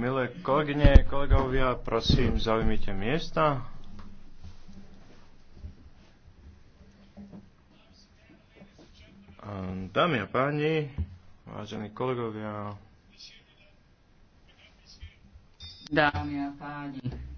Milé kolegyne, kolegovia, prosím, zaujmite miesta. Dámy a páni, vážení kolegovia. Dámy a páni.